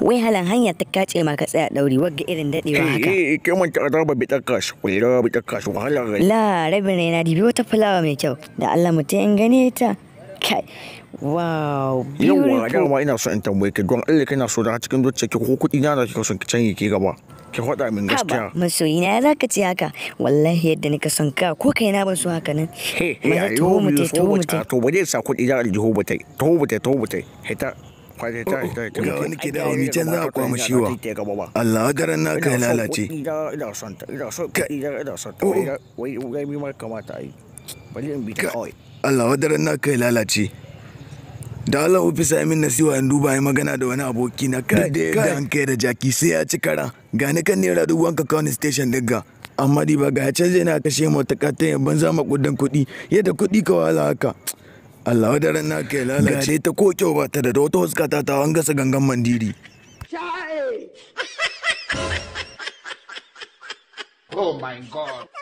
wai halan hanya ta kace ma ka tsaya dauri wagga irin dadewa haka eh, eh kai mun ta raba bi takka shi kullura bi takka shi wahala ga la rabin rai na dibi wata fulawa mai kyau da Allah mutai in gane ta kai wow yawa dama ina so in tambaye ka don Allah na so da cikin dutse? ki ko kudi na da kika son ki canye ki gaba ki faɗa min gaskiya masoyi na za ka ci haka wallahi yadda nika son ka ko kai na ban so haka nan he tuhu mutai tuhu mutai to ba zai sa kudi da aljihu butai tuhu butai tuhu he ta Oh, oh, ga wani ke da, wani can za a kwama wa. Allah garan na kai lalace oh, Allah wadaran na kai lalace da Allah ofis ya min nasiwa in duba ya magana da wani aboki na kai da an kai da jaki sai ya ci kara Gane kan naira dubu ka kawai station digga amma di ba ga ya canje na kashe mota katon yabban zama kudin kuɗi yadda kuɗi ka wahala haka Allah daren na ke lalace ta koke ba ta da wata huska ta ta an gasa gangan mandiri. Oh my god.